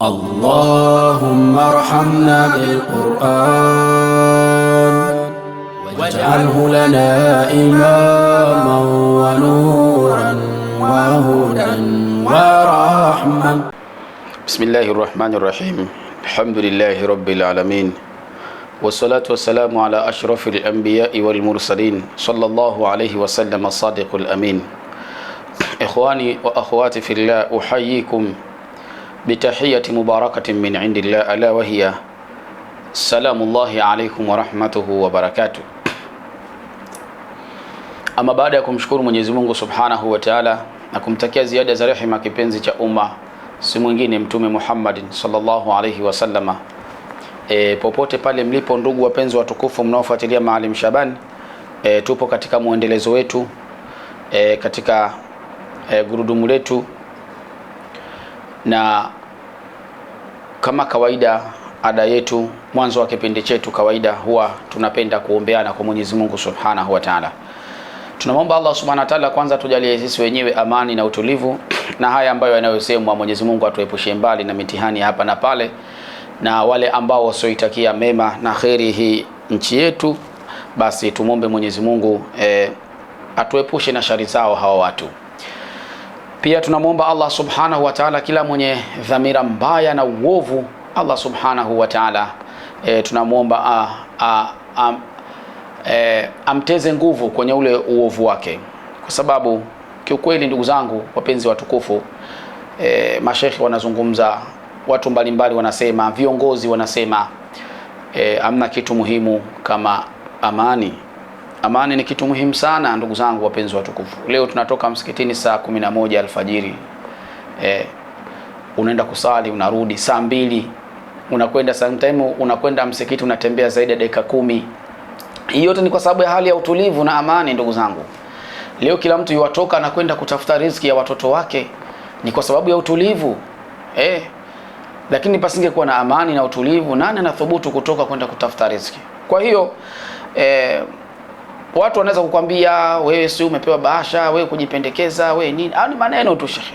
اللهم ارحمنا بالقرآن واجعله لنا إماما ونورا وهدى ورحمة بسم الله الرحمن الرحيم الحمد لله رب العالمين والصلاة والسلام على أشرف الأنبياء والمرسلين صلى الله عليه وسلم الصادق الأمين إخواني وأخواتي في الله أحييكم bitahiyati mubarakatin min indillah ala wahiya salamullahi alaikum warahmatuhu wabarakatuh. Ama baada ya kumshukuru Mwenyezi Mungu subhanahu wa taala na kumtakia ziada za rehema kipenzi cha umma si mwingine Mtume Muhammadin sallallahu alaihi wasallama. E, popote pale mlipo ndugu wapenzi watukufu mnaofuatilia Maalim Shabani, e, tupo katika mwendelezo wetu e, katika e, gurudumu letu na kama kawaida ada yetu mwanzo wa kipindi chetu, kawaida huwa tunapenda kuombeana kwa Mwenyezi Mungu Subhanahu wa Ta'ala. Tunamwomba Allah Subhanahu wa Ta'ala kwanza tujalie sisi wenyewe amani na utulivu, na haya ambayo yanayosemwa, Mwenyezi Mungu atuepushe mbali na mitihani hapa na pale, na wale ambao wasioitakia mema na kheri hii nchi yetu, basi tumwombe Mwenyezi Mungu eh, atuepushe na shari zao hawa watu. Pia tunamwomba Allah subhanahu wa taala kila mwenye dhamira mbaya na uovu, Allah subhanahu wa taala e, tunamwomba a, a, a, e, amteze nguvu kwenye ule uovu wake, kwa sababu kiukweli, ndugu zangu wapenzi watukufu, e, eh, mashekhe wanazungumza, watu mbalimbali wanasema, viongozi wanasema, e, amna kitu muhimu kama amani. Amani ni kitu muhimu sana ndugu zangu wapenzi watukufu. Leo tunatoka msikitini saa moja alfajiri eh, unaenda kusali unarudi saa mbili, unakwenda sometime unakwenda msikiti unatembea zaidi ya dakika kumi. Hii yote ni kwa sababu ya hali ya utulivu na amani. Ndugu zangu, leo kila mtu yuwatoka na kwenda kutafuta riziki ya watoto wake ni kwa sababu ya utulivu eh. Lakini pasingekuwa na amani na utulivu, nani anathubutu kutoka kwenda kutafuta riziki? Kwa hiyo eh, Watu wanaweza kukwambia wewe, si umepewa bahasha, wewe kujipendekeza, wewe nini? ni maneno tu shekhe.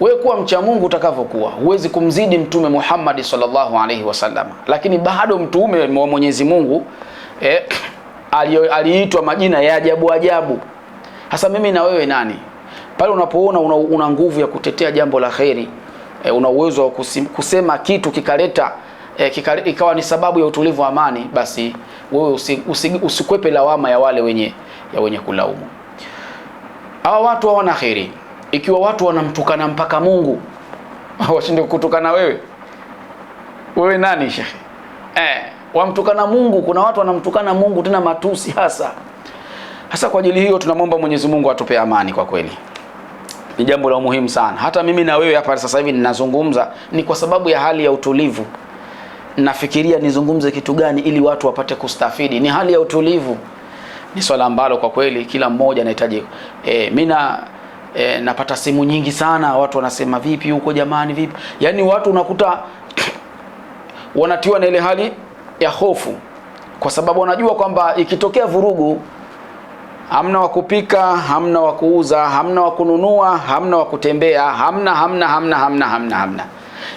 Wewe kuwa mcha Mungu utakavyokuwa, huwezi kumzidi Mtume Muhammad sallallahu alaihi wasallam, lakini bado mtume wa Mwenyezi Mungu eh, aliitwa majina ya ajabu ajabu. Hasa mimi na wewe nani? Pale unapoona una, una nguvu ya kutetea jambo la kheri eh, una uwezo wa kusema kitu kikaleta e, eh, kikari, ikawa ni sababu ya utulivu wa amani, basi wewe usi, usi, usikwepe lawama ya wale wenye ya wenye kulaumu. Hawa watu hawana kheri. Ikiwa watu wanamtukana mpaka Mungu washinde kutukana wewe, wewe nani shekhe? Eh, wamtukana Mungu. Kuna watu wanamtukana Mungu tena matusi hasa hasa. Kwa ajili hiyo tunamwomba Mwenyezi Mungu atupe amani. Kwa kweli ni jambo la muhimu sana. Hata mimi na wewe hapa sasa hivi ninazungumza ni kwa sababu ya hali ya utulivu nafikiria nizungumze kitu gani ili watu wapate kustafidi. Ni hali ya utulivu, ni swala ambalo kwa kweli kila mmoja anahitaji. E, mimi na e, napata simu nyingi sana, watu wanasema vipi huko jamani, vipi. Yaani watu unakuta wanatiwa na ile hali ya hofu, kwa sababu wanajua kwamba ikitokea vurugu hamna wa kupika, hamna wa kuuza, hamna wa kununua, hamna wa kutembea, hamna hamna hamna hamna hamna hamna.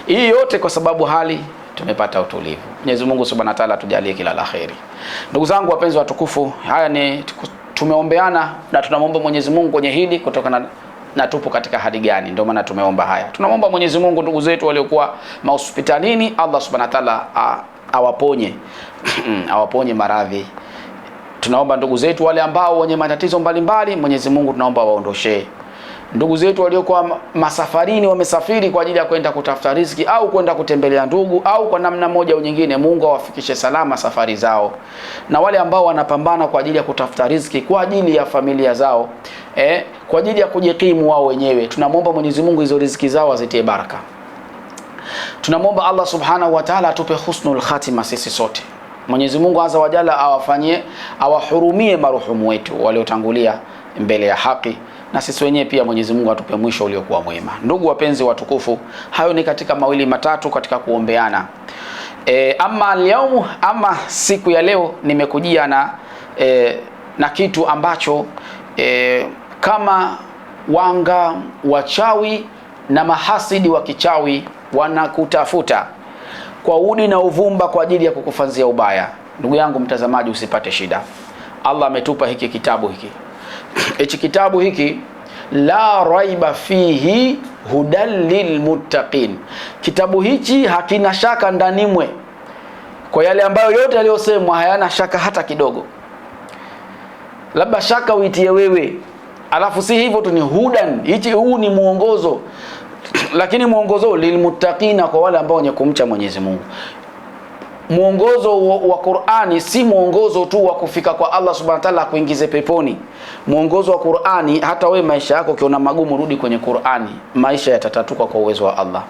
Hii yote kwa sababu hali tumepata utulivu. Mwenyezi Mungu Subhanahu wa Ta'ala atujalie kila la kheri. Ndugu zangu wapenzi watukufu, haya ni tumeombeana na tunamwomba Mwenyezi Mungu kwenye hili kutokana na, na tupo katika hali gani, ndio maana tumeomba haya. Tunamwomba Mwenyezi Mungu ndugu zetu waliokuwa mahospitalini, Allah Subhanahu wa Ta'ala awaponye awaponye maradhi. Tunaomba ndugu zetu wale ambao wenye matatizo mbalimbali, Mwenyezi Mungu tunaomba waondoshee ndugu zetu waliokuwa masafarini wamesafiri kwa ajili ya kwenda kutafuta riziki au kwenda kutembelea ndugu au kwa namna moja au nyingine, Mungu awafikishe salama safari zao, na wale ambao wanapambana kwa ajili ya kutafuta riziki kwa ajili ya familia zao eh, kwa ajili ya kujikimu wao wenyewe, tunamwomba Mwenyezi Mungu hizo riziki zao azitie baraka. Tunamwomba Allah Subhanahu wa Ta'ala atupe husnul khatima sisi sote. Mwenyezi Mungu aza wajala awafanyie, awahurumie maruhumu wetu waliotangulia mbele ya haki na sisi wenyewe pia Mwenyezi Mungu atupe mwisho uliokuwa mwema. Ndugu wapenzi watukufu, hayo ni katika mawili matatu katika kuombeana. E, ama leo ama siku ya leo nimekujia na e, na kitu ambacho e, kama wanga wachawi na mahasidi wa kichawi wanakutafuta kwa udi na uvumba kwa ajili ya kukufanzia ubaya. Ndugu yangu mtazamaji, usipate shida. Allah ametupa hiki kitabu hiki hichi kitabu hiki la raiba fihi hudan lilmuttaqin, kitabu hichi hakina shaka ndani mwe, kwa yale ambayo yote yaliyosemwa hayana shaka hata kidogo. Labda shaka uitie wewe, alafu si hivyo tu, ni hudan hichi, huu ni mwongozo, lakini mwongozo lilmuttaqina, kwa wale ambao wenye kumcha Mwenyezi Mungu mwongozo wa Qur'ani si mwongozo tu wa kufika kwa Allah subhanahu wa ta'ala akuingize peponi. Mwongozo wa Qur'ani, hata we maisha yako ukiona magumu, rudi kwenye Qur'ani, maisha yatatatuka kwa uwezo wa Allah.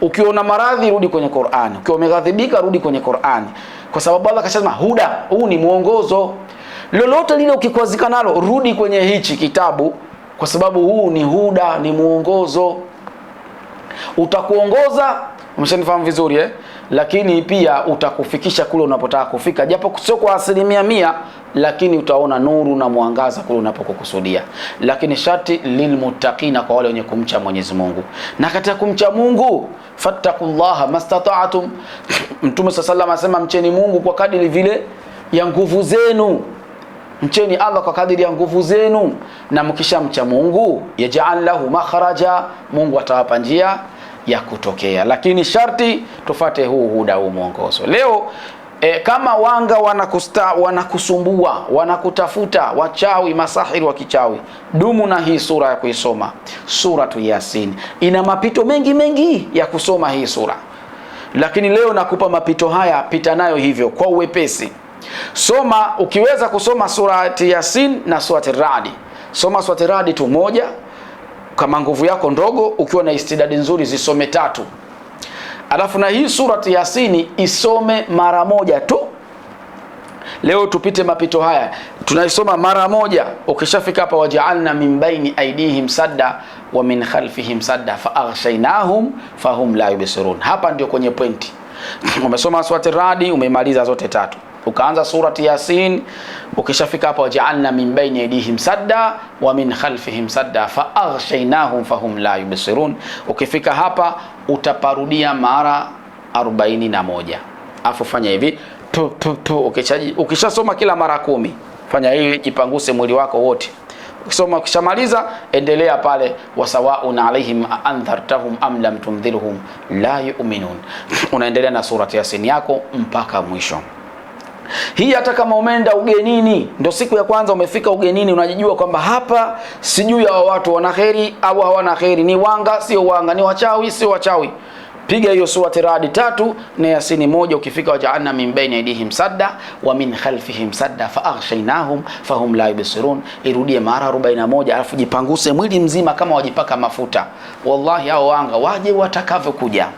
Ukiona maradhi, rudi kwenye Qur'ani. Ukiwa umeghadhibika, rudi kwenye Qur'ani, kwa sababu Allah kashasema huda, huu ni mwongozo. Lolote lile ukikwazika nalo, rudi kwenye hichi kitabu, kwa sababu huu ni huda, ni mwongozo utakuongoza. Umeshanifahamu vizuri eh? lakini pia utakufikisha kule unapotaka kufika, japo sio kwa asilimia mia, lakini utaona nuru na mwangaza kule unapokukusudia. Lakini sharti lilmuttaqina, kwa wale wenye kumcha Mwenyezi Mungu. Na katika kumcha Mungu, fattaqullaha mastata'tum, Mtume sallallahu alayhi asema mcheni Mungu kwa kadiri vile ya nguvu zenu Mcheni Allah kwa kadiri ya nguvu zenu, na mcha Mungu, yaj'al lahu makhraja, Mungu atawapa njia ya kutokea, lakini sharti tufate huu huda, huu mwongozo leo. E, kama wanga wanakusta, wanakusumbua wanakutafuta, wachawi masahiri wa kichawi, dumu na hii sura ya kuisoma. Suratu Yasin ina mapito mengi mengi ya kusoma hii sura, lakini leo nakupa mapito haya, pita nayo hivyo kwa uwepesi. Soma ukiweza kusoma surati Yasin na surati Radi, soma surati Radi tu moja kama nguvu yako ndogo, ukiwa na istidadi nzuri zisome tatu. Alafu na hii surati Yasini isome mara moja tu. Leo tupite mapito haya, tunaisoma mara moja. Ukishafika hapa, wajaalna min baini aidihim sadda wa min khalfihim sadda fa aghshaynahum fahum la yubsirun. Hapa ndio kwenye pointi. Umesoma surati Radi, umemaliza zote tatu ukaanza surati Yasin, ukishafika hapa wajaalna min baini aidihim sadda wa min khalfihim sadda fa aghshaynahum fahum la yubsirun. Ukifika hapa utaparudia mara 41, afu fanya hivi tu tu tu. Ukishasoma kila mara kumi, fanya hivi, jipanguse mwili wako wote Ukisoma ukishamaliza, endelea pale, wasawaun alaihim aandhartahum am lam tundhirhum la yu'minun. Unaendelea na surati Yasin yako mpaka mwisho. Hii hata kama umeenda ugenini, ndo siku ya kwanza umefika ugenini, unajijua kwamba hapa sijui hawa watu wana heri au hawana heri, ni wanga sio wanga, ni wachawi sio wachawi. Piga hiyo surati Radi tatu na Yasini moja. Ukifika wajaalna min baini aidihim sadda wa min khalfihim sadda faaghshaynahum fahum la yubsirun. Irudie mara 41, alafu jipanguse mwili mzima kama wajipaka mafuta. Wallahi hao wanga waje watakavyokuja,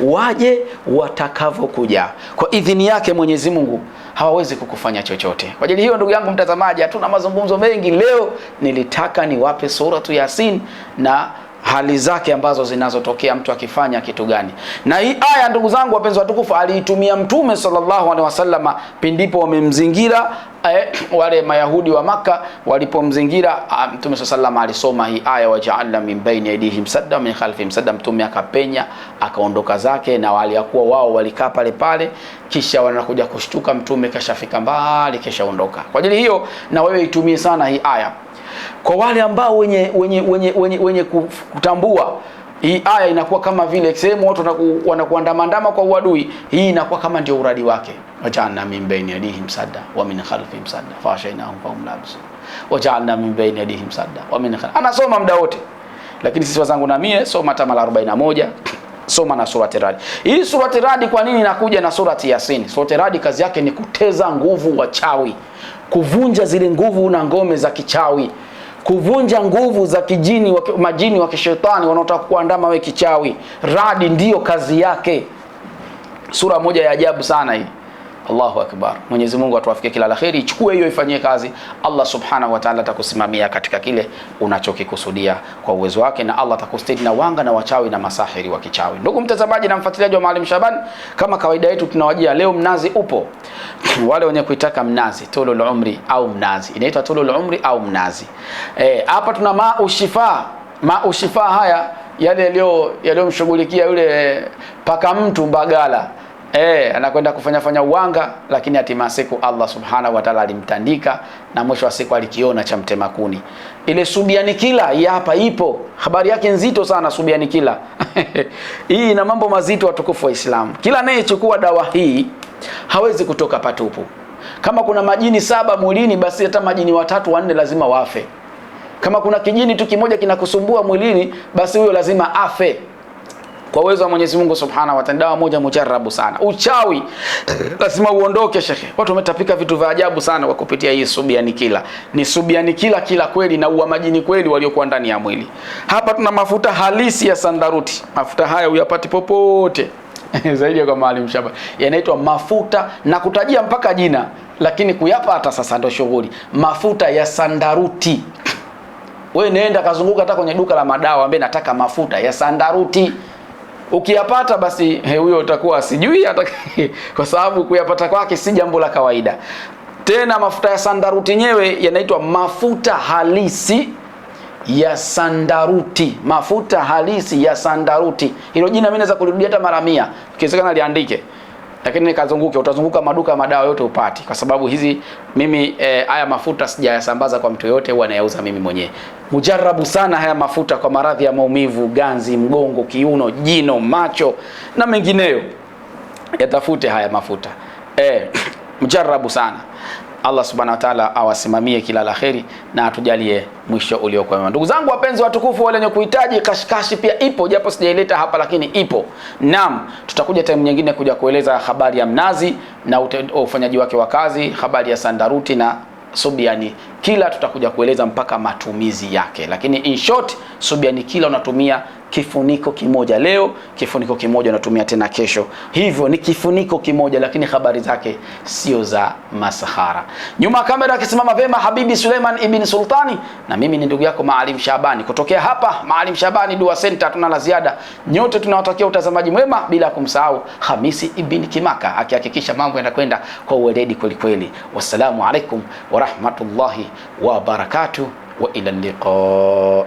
waje watakavyokuja, kwa idhini yake Mwenyezi Mungu hawawezi kukufanya chochote. Kwa ajili hiyo, ndugu yangu mtazamaji, hatuna mazungumzo mengi leo, nilitaka niwape suratu Yasin na hali zake ambazo zinazotokea mtu akifanya kitu gani. Na hii aya, ndugu zangu wapenzi watukufu, aliitumia Mtume sallallahu alaihi wasallam pindipo wamemzingira eh, wale Mayahudi wa Maka walipomzingira ah, Mtume SAW alisoma hii aya, wajaalna min baini aidihim sadda min khalfihim sadda. Mtume akapenya akaondoka zake, na waliakuwa wao walikaa pale pale, kisha wanakuja kushtuka Mtume kashafika mbali, kishaondoka. Kwa ajili hiyo, na wewe itumie sana hii aya kwa wale ambao wenye wenye wenye wenye, wenye kutambua hii aya inakuwa kama vile sehemu watu wanakuandamandama kwa uadui, hii inakuwa kama ndio uradi wake wajaalna min baini yadihim sadda wa min khalfihim sadda faashaynahum fahum la yubsirun wajaalna min baini yadihim sadda wa min khalfihim. Anasoma muda wote, lakini sisi wazangu na mie soma tamal 41 soma na surati Radi. Hii surati Radi kwa nini inakuja na surati Yasini? Surati Radi kazi yake ni kuteza nguvu wachawi, kuvunja zile nguvu na ngome za kichawi, kuvunja nguvu za kijini wake, majini wa kishetani wanaotaka kuandama we kichawi. Radi ndiyo kazi yake. Sura moja ya ajabu sana hii. Allahu akbar. Mwenyezi Mungu atuafikie kila la kheri. Ichukue hiyo ifanyie kazi. Allah subhanahu wa ta'ala atakusimamia katika kile unachokikusudia kwa uwezo wake, na Allah atakustiri na wanga na wachawi na masahiri wa kichawi. Ndugu mtazamaji na mfuatiliaji wa Maalim Shabani, kama kawaida yetu tunawajia leo, mnazi upo wale wenye kuitaka mnazi tulul umri au mnazi, inaitwa tulul umri au mnazi. Eh, hapa tuna ma ushifa haya yale yaliyomshughulikia yule paka mtu Mbagala Eh, anakwenda kufanya fanya uwanga, lakini hatima siku Allah subhanahu wa ta'ala alimtandika na mwisho wa siku alikiona cha mtema kuni. Ile subiani kila hii hapa ipo, habari yake nzito sana. Subiani kila hii ina mambo mazito, watukufu wa Islam. Kila anayechukua dawa hii hawezi kutoka patupu. Kama kuna majini saba mwilini, basi hata majini watatu wanne lazima wafe. Kama kuna kijini tu kimoja kinakusumbua mwilini, basi huyo lazima afe kwa uwezo wa Mwenyezi Mungu Subhanahu wa Ta'ala, dawa moja mujarabu sana. Uchawi lazima uondoke shekhe. Watu wametapika vitu vya ajabu sana kwa kupitia hii subiani kila. Ni subiani kila kila kweli na uwa majini kweli waliokuwa ndani ya mwili. Hapa tuna mafuta halisi ya sandaruti. Mafuta haya uyapati popote. Zaidi ya kwa Maalim Shaba. Yanaitwa mafuta na kutajia mpaka jina, lakini kuyapata sasa ndio shughuli. Mafuta ya sandaruti. Wewe nenda kazunguka hata kwenye duka la madawa ambaye nataka mafuta ya sandaruti ukiyapata basi huyo utakuwa sijui hata kwa sababu kuyapata kwake si jambo la kawaida. Tena mafuta ya sandaruti yenyewe yanaitwa mafuta halisi ya sandaruti, mafuta halisi ya sandaruti. Hilo jina mimi naweza kulirudia hata mara mia, ikiwezekana liandike lakini nikazunguke, utazunguka maduka madawa yote upati, kwa sababu hizi mimi e, haya mafuta sijayasambaza kwa mtu yoyote, huwa nayauza mimi mwenyewe. Mujarabu sana haya mafuta kwa maradhi ya maumivu, ganzi, mgongo, kiuno, jino, macho na mengineyo, yatafute haya mafuta e, mujarabu sana. Allah subhanahu wa ta'ala awasimamie kila la kheri na atujalie mwisho uliokuwa mwema. Ndugu zangu wapenzi watukufu, wale wenye kuhitaji kashikashi pia ipo, japo sijaileta hapa, lakini ipo. Naam, tutakuja time nyingine kuja kueleza habari ya mnazi na ufanyaji wake wa kazi, habari ya sandaruti na subiani kila tutakuja kueleza mpaka matumizi yake, lakini in short Subiani kila unatumia kifuniko kimoja leo, kifuniko kimoja unatumia tena kesho, hivyo ni kifuniko kimoja, lakini habari zake sio za masahara. Nyuma ya kamera akisimama vema Habibi Suleiman ibn Sultani, na mimi ni ndugu yako Maalim Shabani kutokea hapa Maalim Shabani Dua Center. Tuna la ziada, nyote tunawatakia utazamaji mwema, bila kumsahau Hamisi ibn Kimaka akihakikisha mambo yanakwenda kwa uweledi kwelikweli. Wassalamu alaikum warahmatullahi وبركاته وإلى اللقاء